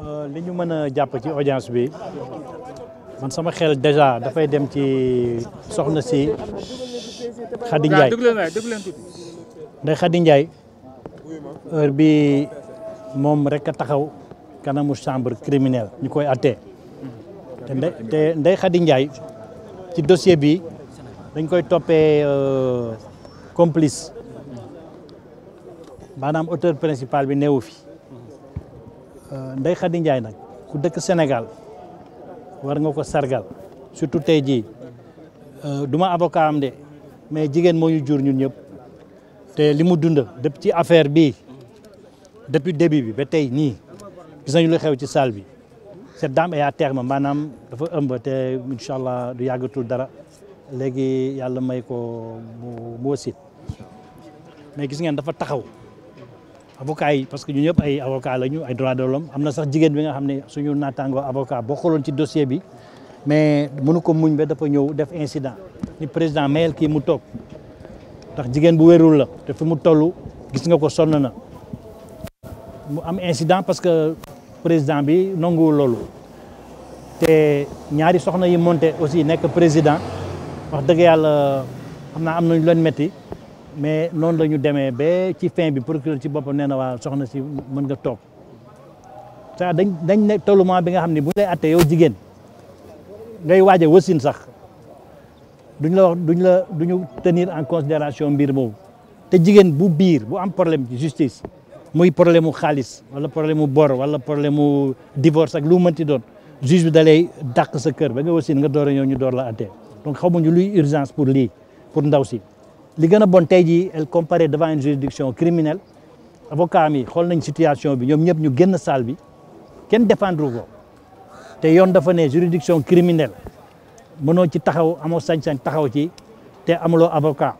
Euh, li ñu mën a jàpp ci audience bi man sama xel déjà dafay dem ci soxna si Khady Ndiaye nday Khady Ndiaye heure bi moom rek a taxaw kanamu chambre criminelle ñu koy atte te te nday Khady Ndiaye ci dossier bi dañ koy toppee euh, complice maanaam auteur principal bi neewu fi Euh, Ndeye Khady Ndiaye nag ku dëkk Sénégal war nga ko sargal surtout tey jii euh, du ma avocat de mais jigéen moo ñu jur ñun ñëpp te li mu dund depuis ci affaire bii depuis début bi ba tey nii gis nañu lu xew ci salle bi cette dame est à terme maanaam dafa ëmb te incha allah du yàggatul dara léegi yàlla may ko mu mu mais gis ngeen dafa taxaw. avocats yi parce que ñu ñëpp ay avocat lañu ay droits de l'homme am na sax jigéen bi nga xam ne suñu naataango avocat boo xooloon ci dossier bi mais mënu ko muñ ba dafa ñëw def incident ni président mayel kii mu toog ndax jigéen bu wérul la te fi mu toll gis nga ko sonn na mu am incident parce que président bi nanguwul loolu te ñaari soxna yi monté aussi nekk président wax dëgg yàlla xam naa am nañ leen metti mais noonu la ñu demee ba ci fin bi procureur ci boppam nee na waa soxna si mën nga toog ça dañ dañ ne tollument bi nga xam ne bu ñu lay atte yow jigéen ngay waaje wasin sax duñ la wax duñ la duñu tenir en considération mbir moomu te jigéen bu biir bu am problème ci justice muy problème mu xaalis wala problème mu bor wala problème mu divorce ak lu mënti doon juge bi da sa kër ba nga wasin nga door ñoo ñu door la atte donc xamuñu luy urgence pour lii pour ndaw si li gën a bon tey jii elle comparaît devant une juridiction criminelle avocat mi xool nañ situation bi ñoom ñëpp ñu génn salle bi kenn défendre ko te yoon dafa ne juridiction criminelle mënoo ci taxaw amoo sañ-sañ taxaw ci te amuloo avocat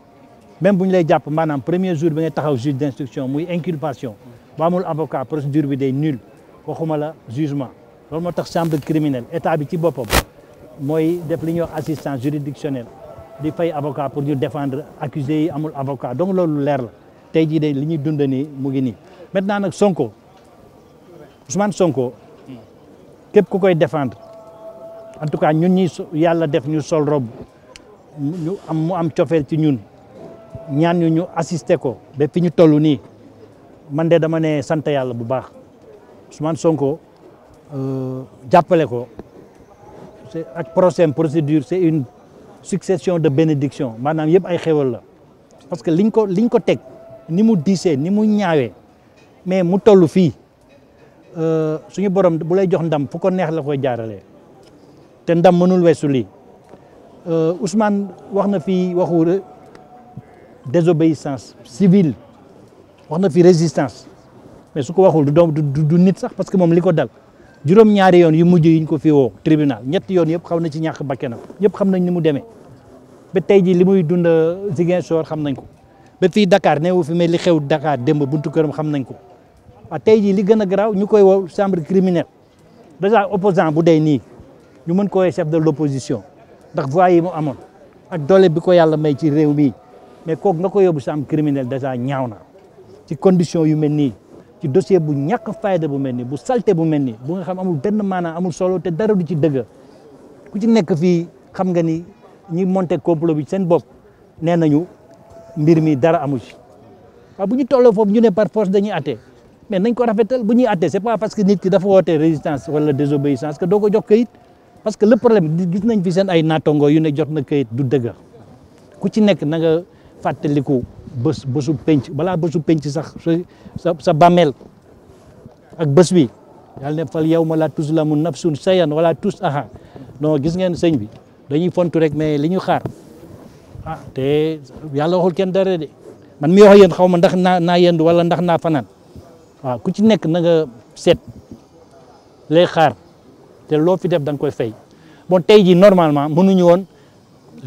même bu ñu lay jàpp maanaam premier jour bi ngay taxaw juge d'instruction muy inculpation ba amul avocat procédure bi day nul waxuma la jugement loolu moo tax chambre criminelle état bi ci boppam mooy def li ñuy wax assistance juridictionnelle di fay avocat pour ñu défendre accusé yi amul avocat donc loolu leer la tey jii de li ñuy dund nii mu ngi nii maintenant nag Sonko Ousmane Sonko képp ku koy défendre en tout cas ñun ñi yàlla def ñu sol ñu am mu am cofeel ci ñun ñaan ñu ko ba fi ñu toll nii man de dama ne sant yàlla bu baax Ousmane Sonko euh, jàppale ko ak procès procédure c'est une succession de bénédiction maanaam yëpp ay xéwal la parce que liñ ko liñ ko teg ni mu diisee ni mu ñaawee mais mu toll fii euh, suñu borom bu lay jox ndam fu ko neex la koy jaarale te ndam mënul weesu lii euh, Ousmane wax na fi waxu désobéissance civile wax na fi résistance mais su ko waxul du doom du nit sax parce que moom li ko dal. juróom-ñaari yoon yu mujj yiñ ko fi woo tribunal ñetti yoon yëpp xaw na ci ñàkk bakkenam ñëpp xam nañ ni mu demee ba tey ji li muy dund Ziguinchor xam nañ ko ba fii Dakar wu fi mais li xew Dakar démb buntu këram xam nañ ko waaw tey jii li gën a garaaw ñu koy woo chambre criminelle déjà opposant bu dee nii ñu mën ko woowee chef de l'opposition ndax voix yi mu amoon ak doole bi ko yàlla may ci réew mii mais kooku nga ko yóbbu chambre criminelle déjà ñaaw na ci condition yu mel nii ci dossier bu ñàkk fayda bu mel ni bu salté bu mel ni bu nga xam amul benn maanaam amul solo te dara du ci dëgg ku ci nekk fii xam nga ni ñi monté complot bi seen bopp nee ñu mbir mi dara amu ci waaw bu ñu tolloo foofu ñu ne par force dañuy atte mais nañ ko rafetal bu ñuy atte c'est pas parce que nit ki dafa woote résistance wala désobéissance que doo ko jox kayit parce que le problème gis nañ fi seen ay naatango yu ne jot na kayit du dëgg ku ci nekk fàttaliku bés bésu penc balaa bésu penc sax sa sa bàmmeel ak bés bi yàlla ne fal yow ma la tuzlamu nafsun sayan wala tus aha non gis ngeen sëñ bi dañuy fontu rek mais li ñu xaar ah te yàlla waxul kenn dara de man mi wax yéen xaw ma ndax naa naa yendu wala ndax naa fanaan waaw ku ci nekk nanga set lay xaar te loo fi def danga koy fay bon tey ji normalement mënuñu woon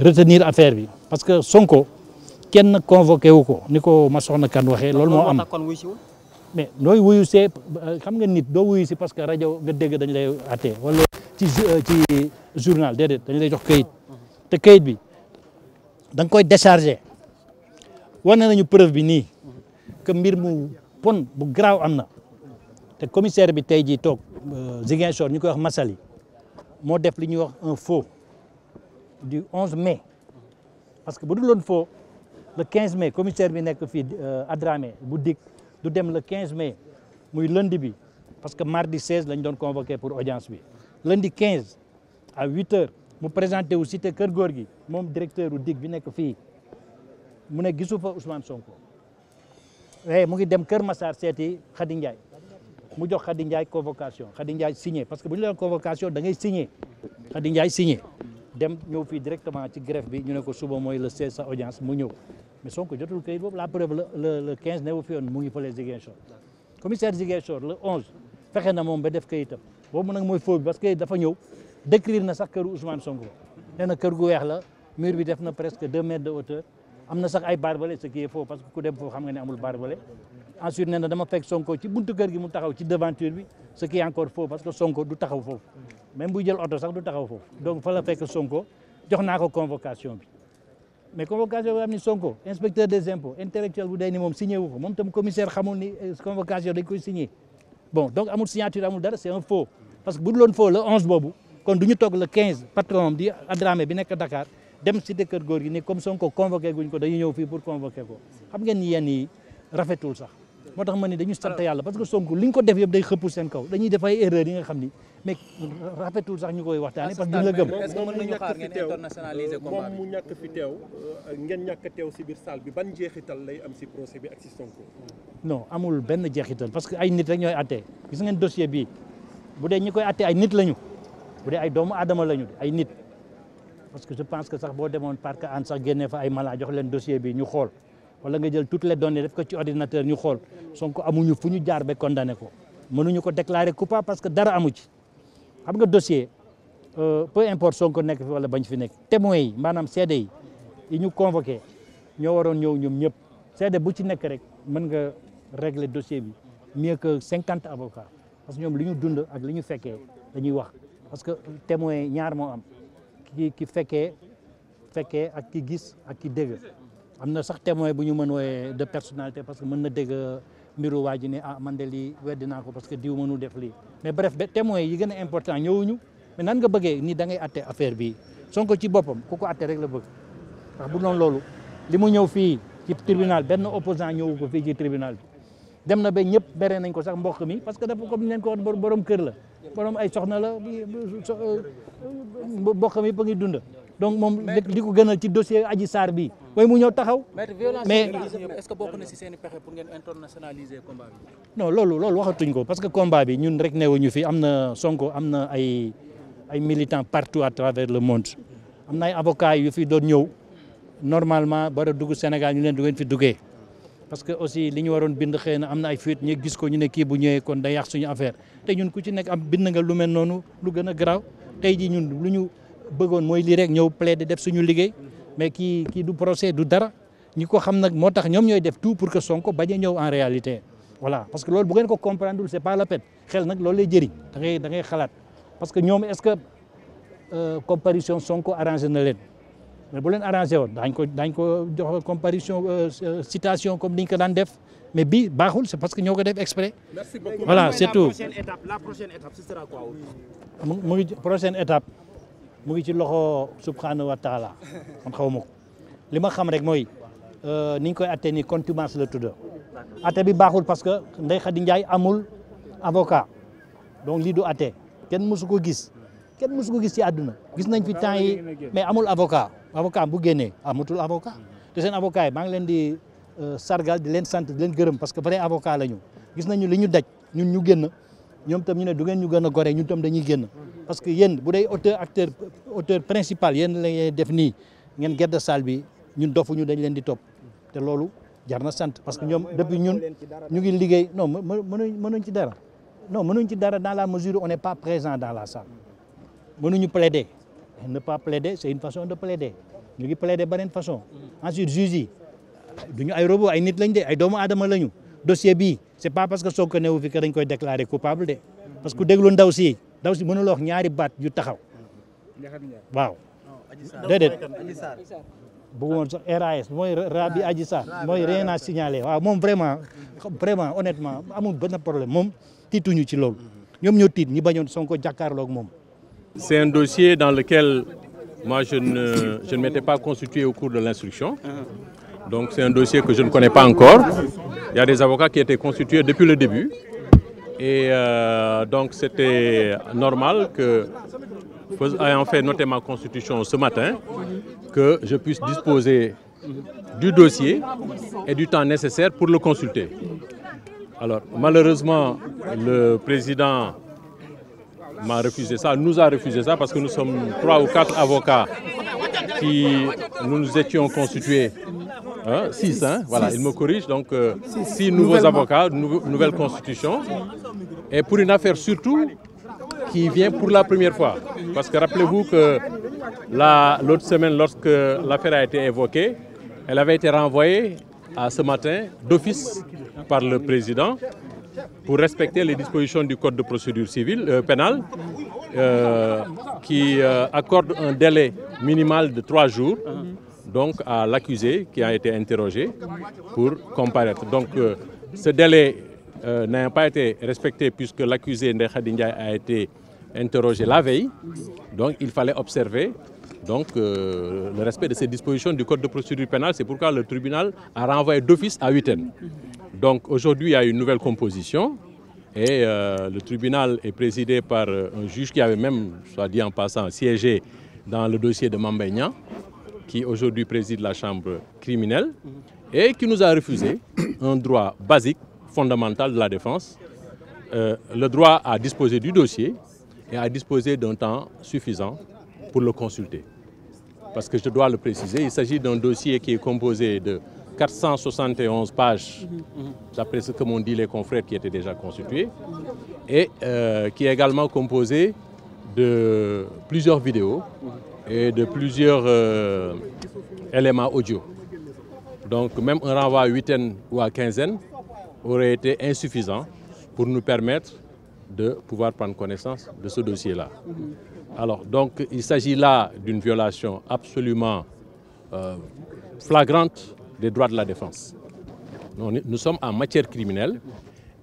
retenir affaire bi parce que Sonko kenn convoqué wu ko ni ko ma soxna kan waxee loolu moo am mais nooy wuyu see xam nga nit doo wuyu si parce que rajo ga dégg dañ lay àtte wala ci euh, ci journal déedéet dañu lay jox kayit te kayit bi danga nga koy déchargé wane nañu preuve bi nii que mbir mu pon bu garaaw am na te commissaire bi tey jii toog euh, Ziguinchor ñu koy wax Massaly moo def li ñuy wax un du mai parce que bu dul woon faux le 15 mai commissaire bi nekk fii euh, Adramé bu dikk du dem la 15 mai muy lundi bi parce que mardi 16 lañ doon convoqué pour audience bi lundi 15 à 8 heures mu présenté wu cité Kër Góor gi moom directeur u dig bi nekk fii mu ne gisu fa Ousmane Sonko eh, mu ngi dem Kër Massar seeti Khady Ndiaye mu jox Khady Ndiaye convocation Khady Ndiaye signé parce que bu ñu la convocation da ngay signé Khady Ndiaye signé dem ñëw fii directement ci greffe bi ñu ne ko suba mooy le 16 sa audience mu ñëw mais Sonko jotul kayit boobu la preuve le le 15 ne wu fi woon mu ngi fële Ziguinchor commissaire Ziguinchor le 11 fexe na moom ba def kayitam boobu nag mooy faux bi parce que dafa ñëw décrire na sax këru Ousmane Sonko nee na kër gu weex la mur bi def na presque deux mètres de hauteur am na sax ay barbelés ce qui est faux parce que ku dem foofu xam nga ne amul ensuite nee na dama fekk Sonko ci buntu kër gi mu taxaw ci devanture bi ce qui encore faux parce que Sonko du taxaw foofu même buy jël oto sax du taxaw foofu donc fa fekk Sonko jox naa ko convocation bi mais convocation bi moom signé wu ko moom tam commissaire xamul ni euh, convocation donc amul signature amul dara c'est un faux parce que bu duloon faux le 11 boobu kon du ñu toog le 15 patron di Adramé bi nekk Dakar dem si dëkkër góor ni comme moo tax ma ne dañu sant yàlla parce que Sonko li ñu ko def yëpp day xëpp seen kaw dañuy def ay yi nga xam ni mais rafetul sax ñu koy waxtaanee parce que duñ la gëm. est-ce bi moom mu ñàkk fi euh, lay am si procès bi ak si Sonko. non amul benn jeexital parce que ay nit rek ñooy àttee gis ngeen dossier bii bu dee ñi koy àttee ay nit lañu bu dee ay doomu aadama lañu ay nit parce que je pense que sax boo demoon que an sax génnee fa ay malade jox leen dossier bi ñu xool wala nga jël toutes les données def ko ci ordinateur ñu xool Sonko amuñu fu ñu jaar ba condamné ko mënuñu ko déclarer coupable parce que dara amu xam nga dossier euh, peu importe Sonko nekk fi wala bañ fi nekk témoins yi maanaam seede yi ñu convoqué ñoo waroon ñëw ñoom ñëpp seede bu ci nekk rek mën nga régler dossier bi mieux que cinquante avocats parce que ñoom lu ñu dund ak li ñu fekkee dañuy wax parce que témoins ñaar moo am ki ki fekkee fekkee ak ki gis ak ki dégg am na sax témoin bu ñu mën wooyee de personnalité parce que mën na dégg mbiru waa ji ah man de lii weddi naa ko parce que diw mënul def lii mais bref ba témoin yi gën a important ñëwuñu mais nan nga bëggee ni da ngay atte bii bi Sonko ci boppam ku ko atte rek la bëgg ndax bu doon loolu li mu ñëw fii ci tribunal benn opposant ñëwu ko fii ci tribunal bi dem na ba ñëpp bere nañ ko sax mboq mi parce que dafa comme leen ko wax borom kër la borom ay soxna la mboq mi ba ngi dund donc moom li ko gënal ci dossier Adji Sarr bi mm-hmm. waaye mu ñëw taxaw. mais seen pexe pour ngeen internationaliser combat bi. loolu loolu ko parce que combat bi ñun rek ñu fi am na Sonko am na ay ay militants partout à travers le monde am na ay avocats yu fi doon ñëw normalement bara dugg Sénégal ñu leen du ngeen fi duggee. parce que aussi li ñu waroon bind xëy na am na ay fuite ñu gis ko ñu ne kii bu ñëwee kon day yàq suñu affaire te ñun ku ci nekk am bind nga lu mel noonu lu gën a garaaw tey jii ñun lu ñu. bëggoon mooy lii rek ñëw plaider def suñu liggéey mais kii du procès du dara ñi ko xam nag moo tax ñoom ñooy def tout pour que Sonko bañ a ñëw en réalité. voilà parce que loolu bu ngeen ko comprendre dul c'est pas la peine xel nag loolu lay jëriñ da xalaat parce que ñoom est-ce que euh, comparution Sonko arrangé na leen mais bu leen arrangé woon daañ ko daañ ko jox comparution euh, euh, citation comme ni ñu ko daan def. mais bii baaxul c'est parce que ñoo ko def exprès. merci beaucoup voilà c'est tout. la prochaine étape la prochaine étape ce sera mu ngi ci loxo subhanahu wa man xaw ma ko li ma xam rek mooy euh, ni ñu koy atte ni contumace la tudd atte bi baaxul parce que Ndeye Khady Ndiaye amul avocat donc lii du atte kenn mësu ko gis kenn musu ko gis ci àdduna gis nañ fi temps mais amul avocat avocat bu génnee amatul avocat te seen avocat yi maa ngi leen di euh, sargal di leen sant di leen gërëm parce que vrai avocat la ñu gis nañu li ñu daj ñun ñu génn ñoom tam ñu ne du ngeen ñu gën a gore ñun tam dañuy génn parce que yéen bu dee auteur acteur auteur principal yéen la def nii ngeen gedd salle bi ñun dofuñu dañ leen di top te loolu jar na sant parce que ñoom depuis ñun ñu ngi liggéey non mënuñ mënuñ ci dara non ci dara dans la mesure on n'est pas présent dans la salle mënuñu plaider ne pas plaider c'est une façon de plaider ñu ngi plaider beneen façon ensuite juge yi ay robot ay nit lañ de ay doomu aadama lañu dossier bi c'est pas parce que ko Sonko newu fi que dañ koy déclarer coupable de parce que déglu ndaw si ndaw si mënuloo wax ñaari baat yu taxaw waaw déedéet bëgg woon sax RAS mooy Rabi Adji Sarr mooy rien à signaler waaw moom vraiment vraiment honnêtement amul benn problème moom tiituñu ci loolu ñoom ñoo tiit ñi bañoon Sonko jàkkaarloog moom c'est un dossier dans lequel moi je ne je ne m'étais pas constitué au cours de l'instruction Donc c'est un dossier que je ne connais pas encore. Il y a des avocats qui étaient constitués depuis le début. Et euh, donc c'était normal que, ayant fait noter ma constitution ce matin, que je puisse disposer du dossier et du temps nécessaire pour le consulter. Alors malheureusement, président m'a refusé nous a refusé parce que nous sommes trois ou quatre avocats qui nous nous étions constitués Hein, six, hein, voilà, six. il me corrige. Donc, euh, six nouveaux avocats, nouvelle constitution. Et pour une affaire surtout qui vient pour la première fois. Parce que rappelez-vous que l'autre semaine, lorsque l'affaire a été évoquée, elle avait été renvoyée à ce matin d'office par le président pour respecter les dispositions du code de procédure civile euh, pénale euh, qui euh, accorde un délai minimal de trois jours. donc à l'accusé qui a été interrogé pour comparaître. Donc euh, ce délai euh, n'a pas été respecté puisque l'accusé Ndiaye a été interrogé la veille. Donc il fallait observer donc, euh, le respect de ces dispositions du Code de procédure pénale. C'est pourquoi le tribunal a renvoyé d'office à Huitaine. Donc aujourd'hui, il y a une nouvelle composition. Et euh, le tribunal est présidé par euh, un juge qui avait même, soit dit en passant, siégé dans le dossier de Mambéignan. qui aujourd'hui préside la chambre criminelle, et qui nous a refusé un droit basique, fondamental de la défense, euh, le droit à disposer du dossier et à disposer d'un temps suffisant pour le consulter. Parce que je dois le préciser, il s'agit d'un dossier qui est composé de 471 pages, d'après ce que m'ont dit les confrères qui étaient déjà constitués, et euh, qui est également composé de plusieurs vidéos de plusieurs euh, éléments audio. Donc même un renvoi à huitaine ou à quinzaine aurait été insuffisant pour nous permettre de pouvoir prendre connaissance de ce dossier-là. Mhm. Alors donc il s'agit là d'une violation absolument euh, flagrante des droits de la défense. Nous, sommes en matière criminelle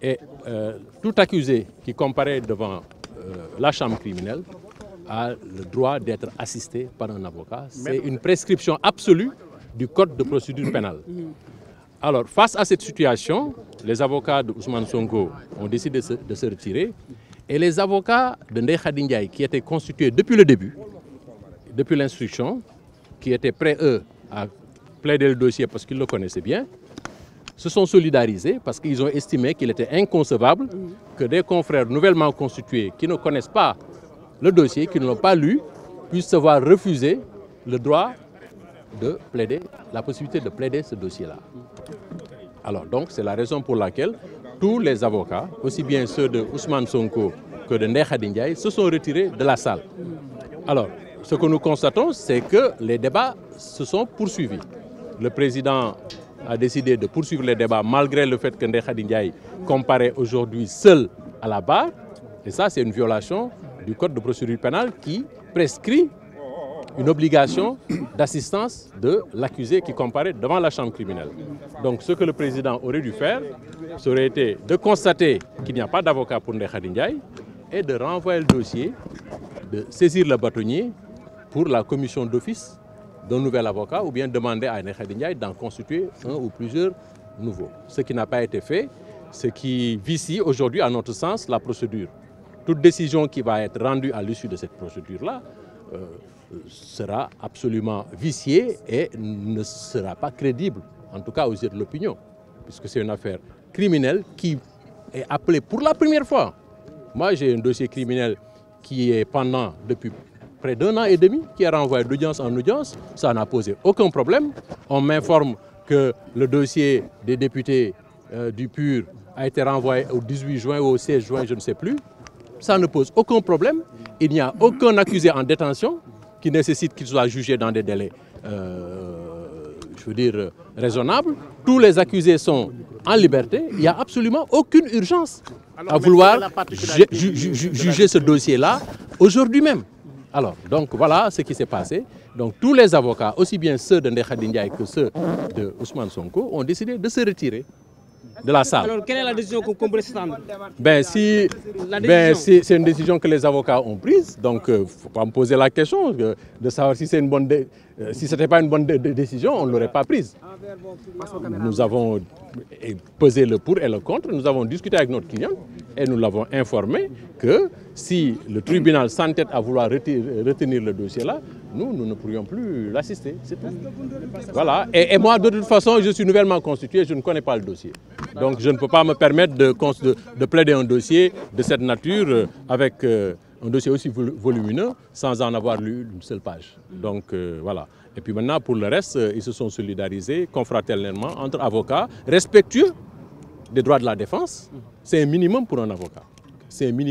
et euh, tout accusé qui comparaît devant euh, la chambre criminelle a le droit d'être assisté par un avocat. C'est une prescription absolue du Code de procédure pénale. Alors, face à cette situation, les avocats d'Ousmane Sonko ont décidé de se, de se, retirer et les avocats de Ndeye Khadindjaï, qui étaient constitués depuis le début, depuis l'instruction, qui étaient prêts, eux, à plaider le dossier parce qu'ils le connaissaient bien, se sont solidarisés parce qu'ils ont estimé qu'il était inconcevable mm. que des confrères nouvellement constitués qui ne connaissent pas le dossier, qui ne l'ont pas lu, puissent se voir refuser le droit de plaider, la possibilité de plaider ce dossier-là. Alors donc, c'est la raison pour laquelle tous les avocats, aussi bien ceux de Ousmane Sonko que de Ndiaye, se sont retirés de la salle. Alors, ce que nous constatons, c'est que les débats se sont poursuivis. Le président a décidé de poursuivre les débats malgré le fait que Ndiaye comparait aujourd'hui seul à la barre. Et ça, c'est une violation du Code de procédure pénale qui prescrit une obligation d'assistance de l'accusé qui comparaît devant la chambre criminelle. Donc ce que le président aurait dû faire, ça aurait été de constater qu'il n'y a pas d'avocat pour Ndekhadi Ndiaye et de renvoyer le dossier, de saisir le bâtonnier pour la commission d'office d'un nouvel avocat ou bien demander à Ndekhadi Ndiaye d'en constituer un ou plusieurs nouveaux. Ce qui n'a pas été fait, ce qui vicie aujourd'hui à notre sens la procédure. toute décision qui va être rendue à de cette procédure-là euh, sera absolument viciée et ne sera pas crédible, en tout cas aux yeux de l'opinion, puisque c'est une affaire criminelle qui est appelée pour la première fois. Moi, j'ai un dossier criminel pendant depuis près d'un an et demi, qui est renvoyé d'audience en audience. Ça n'a posé aucun problème. On des députés euh, du PUR a été au 18 juin ou au ça ne pose aucun problème. Il n'y a aucun accusé en détention qui nécessite qu'il soit jugé dans des délais, euh, je veux dire, raisonnables. Tous les accusés sont en liberté. Il n'y a absolument aucune urgence à vouloir ju ju ju juger ce dossier-là aujourd'hui même. Alors, donc voilà ce qui s'est passé. Donc tous les avocats, aussi bien ceux de Ndekha que ceux de Ousmane Sonko, ont décidé de se retirer. de la salle. Alors, quelle est la décision que vous comprenez ben, si, ben, si, C'est une décision que les avocats ont prise, donc il euh, ne faut pas me poser la question de savoir si c'est une bonne décision Euh, si ce n'était pas une bonne décision, on ne l'aurait pas prise. Nous avons euh, pesé le pour et le contre, nous avons discuté avec notre client et nous l'avons informé que si le tribunal s'entête à vouloir retenir le dossier-là, nous, nous ne pourrions plus l'assister, c'est tout. Voilà, et, et, moi, de toute façon, je suis nouvellement constitué, je ne connais pas le dossier. Donc je ne peux pas me permettre de, de, de plaider un dossier de cette nature euh, avec... Euh, un dossier aussi volumineux sans en avoir lu une seule page. Donc euh, voilà. Et puis maintenant, pour le reste, euh, ils se sont solidarisés confraternellement entre avocats, respectueux des droits de la défense. C'est un minimum pour un avocat. c'est waaw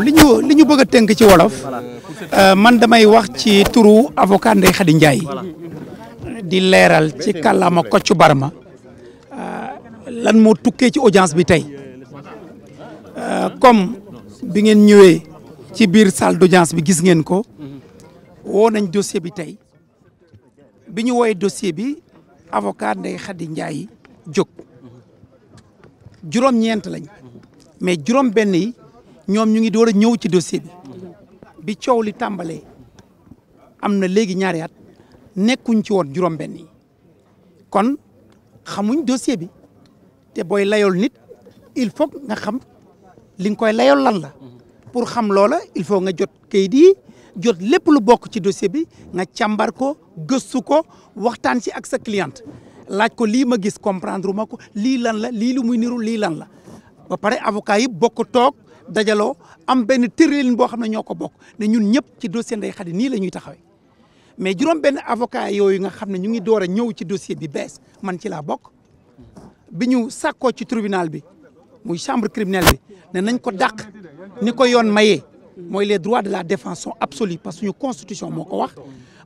li ñu li ñu bëgg a tënk ci wolof. Euh, man damay wax ci turu avocat Ndeye Khady Ndiaye. di leeral ci kàllaama Kocc Barma euh, lan moo tukkee ci audience bi tey. comme bi ngeen ñëwee ci biir salle d'audience bi gis ngeen ko woo nañ dossier bi tey bi ñu woowee dossier bi avocat Ndeye Khady Ndiaye jóg juróom-ñeent lañ mais juróom-benn yi ñoom ñu ngi door a ñëw ci dossier bi bi coow li tàmbalee am na léegi ñaari at nekkuñ ci woon juróom-benn yi kon xamuñ dossier bi te booy layool nit il faut nga xam li nga koy layool lan la pour xam loola il faut nga jot kayit yi jot lépp lu bokk ci dossier bi nga càmbar ko gëstu ko waxtaan ci ak sa cliente laaj ko lii ma gis comprendre ma ko lii lan la lii lu muy niru lii lan la ba pare avocat yi bokk toog dajaloo am benn tëralin boo xam ne ñoo ko bokk ne ñun ñëpp ci dossier Ndeye Khady nii la ñuy taxawee mais juróom benn avocat yooyu nga xam ne ñu ngi door a ñëw ci dossier bi bees man ci laa bokk bi ñu sàkkoo ci tribunal bi muy chambre criminelle bi ne nañ ko dàq ni ko yoon maye mooy les droits de la défense sont absolus parce que suñu constitution moo ko wax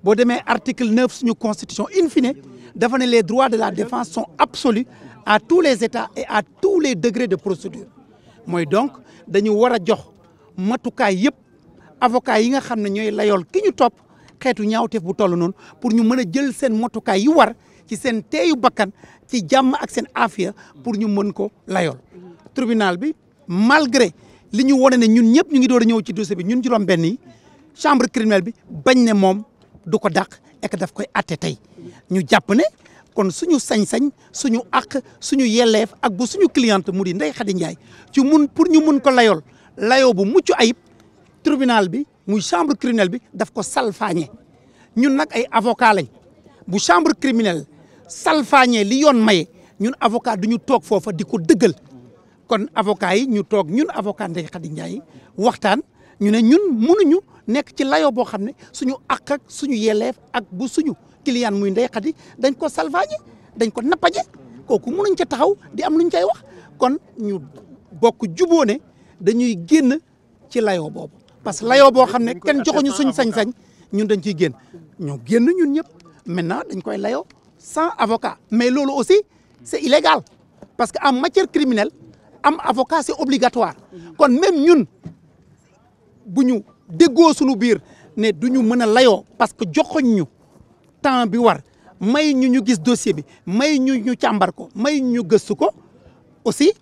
boo demee article neuf suñu constitution in fine dafa ne les droits de la défense sont absolus à tous les états et à tous les degrés de procédure mooy donc dañu war a jox matukaay yëpp avocat yi nga xam ne ñooy layool ki ñu topp xeetu ñaawteef bu toll noonu pour ñu mën a jël seen motukaay yu war ci seen teeyu bakkan ci jàmm ak seen aafiya pour ñu mën ko layool tribunal bi malgré li ñu wone ne ñun ñëpp ñu ngi door a ñëw ci dossier bi ñun juróom benn yi chambre criminelle bi bañ ne moom du ko dàq ek daf koy atte tey ñu jàpp ne kon suñu sañ-sañ suñu àq suñu yelleef ak bu suñu cliente mu di Ndeye Khady Ndiaye ci mun pour ñu mun ko layool layoo bu mucc ayib tribunal bi muy chambre criminelle bi daf ko salfaañe ñun nag ay avocat lañ bu chambre criminelle salfaañe li yoon maye ñun avocat du ñu toog foofa di ko dëggal kon avoca yi ñu toog ñun avocat Ndeye Khady Ndiaye waxtaan ñu ne ñun mënuñu nekk ci layo boo xam ne suñu àq suñu yelleef ak bu suñu client muy Ndeye Khady dañ ko salvaaje dañ ko nappaje kooku mënuñ ca taxaw di am luñ cay wax kon ñu bokk juboo ne dañuy génn ci layo boobu parce que layoo boo xam ne ken joxoñu suñ sañ-sañ ñun dañ ciy génn ñu génn ñun ñëpp maintenant dañ koy layoo sans avoca mais loolu aussi c'est illégal parce que en matière criminelle am avocat c'est obligatoire kon même ñun bu ñu déggoo suñu biir ne du ñu mën a layoo parce que joxoñ ñu temps bi war may ñu ñu gis dossier bi may ñu ñu càmbar ko may ñu gëstu ko aussi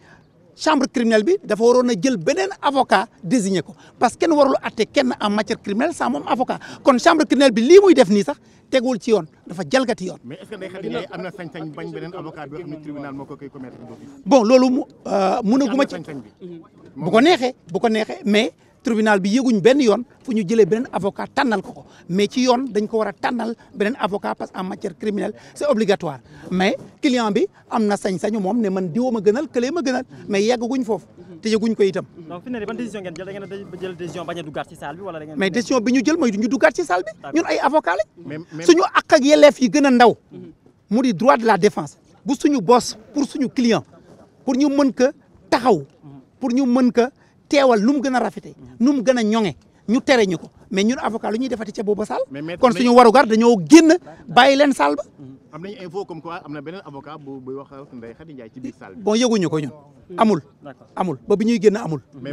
chambre criminelle bi dafa waroon a jël beneen avocat désigné ko parce que kenn warul atte kenn en matière criminelle sans moom avocat kon chambre criminelle bi lii muy def nii sax tegul ci yoon dafa jalgati yoon. mais est-ce que na sañ-sañ bañ beneen avocat bi nga xam ne tribunal moo ko koy bon loolu munaguma euh, mënaguma ci bu ko neexee bu ko neexee mais tribunal bi yëguñ benn yoon fu ñu jëlee benn avocat tànnal ko ko mais ci yoon dañ ko war a tànnal beneen avocat parce que en matière criminelle c'est obligatoire mais client bi am na sañ-sañu moom ne man diwo ma gënal këlee ma gënal mais yeggaguñ foofu. te ko itam. donc fi mu ne ban décision ngeen jël a mais décision bi ñu jël mooy ñu duggaat ci salle ñun ay avocat lañ. suñu àq ak yelleef yi gën a ndaw. Mhm. mu di droit de la défense. bu suñu boss pour suñu client pour ñu mën ka taxaw mhm. pour ñu mën ko teewal nu mu gën a rafete mhm. nu mu gën a ñoŋe ñu tere ñu ko mais ñun avocat lu ñuy defati ca booba saal. kon suñu warugar dañoo génn bàyyi leen saal am nañu info comme quoi am na beneen avocat bu buy wax Ndeye Khady Ndiaye ci biir saal bi. bon yëguñu ko ñun amul. amul ba ñuy génn amul. mais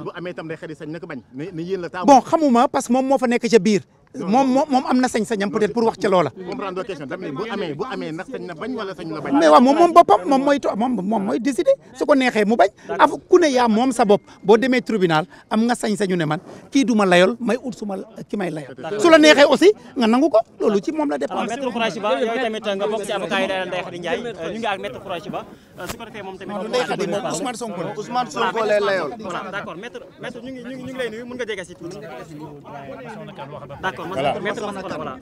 xamuma parce que moom moo fa nekk ca biir. moom moom am na sañ-sañam peut wax ca loola. mais waaw moom moom boppam moom mooy to moom ko neexee mu bañ. af ku ne yaa moom sa bopp boo demee tribunal am nga sañ-sañu ne man kii du ma may ut ki may layol. su la neexee aussi nga nangu ko loolu ci moom la dépend. alors maître Khouraychiba yow nga bokk ci avocat yi daal Ndeye Khady Ndiaye ñu ngi ak euh, moom tamit. Ndeye Khady moom Ousmane Sonko lay layool. voilà d'accord maître maître ñu ngi ñu ngi lay nuyu mën nga jege si tuuti. d'accord maître Massokhna Kane voilà